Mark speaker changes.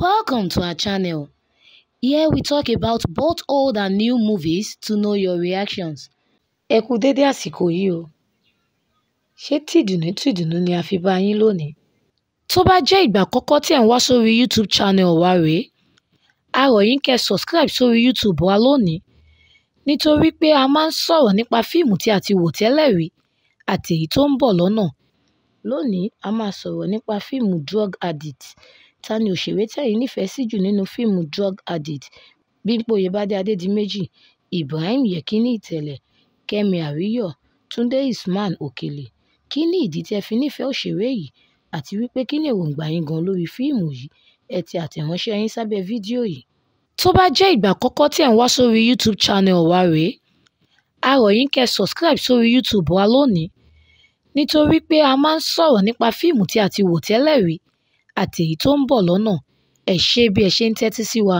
Speaker 1: Welcome to our channel. Here we talk about both old and new movies to know your reactions. Ẹ kú dédé àsìkò yìí o. Ṣé tìdùnnú tìdùnnú ni a fi bá yín lónìí? Tó bá jẹ́ ìgbà àkọ́kọ́ tí ẹ̀ ń wá sórí YouTube channel wa rèé, a rọ̀ yín kẹ́ subscribe sórí YouTube wa lónìí nítorí pé a máa ń sọ̀rọ̀ nípa fíìmù tí a ti wò tẹ́lẹ̀ rí àti èyí tó ń bọ̀ lọ́nà. Lónìí, a máa sọ̀rọ̀ nípa fíìmù Drug Addict Ta ni òṣèré tẹ̀yin nífẹ̀ẹ́ sí jù nínú fíìmù Drug Addict? Bímpe Oyèbádé Adédìméjì, Ibrahim Yekini Ìtẹ̀lẹ̀, Kẹ́mi Àríyọ̀, Túndé Usman Òkèlè. Kí ni ìdí tí ẹ fi nífẹ̀ẹ́ òṣèré yìí àti wípé kíni èròǹgbà yín gan lórí fíìmù yìí? Ẹ tẹ àtẹ̀ránṣẹ́ yín sábẹ́ fídíò yìí. Tó bá jẹ́ ìgbà àkọ́kọ́ tí ẹ̀ ń wá sórí YouTube channel wa rèé, a rọ̀ yín kẹ́ subscribe sórí YouTube wa lónìí, nítorí pé a máa ń sọ̀rọ̀ nípa fíìmù tí a ti wò tẹ́lẹ̀ rí àtèyí tó ń bọ̀ lọ́nà, ẹ ṣé bí ẹ ṣe ń tẹ́tí sí wa.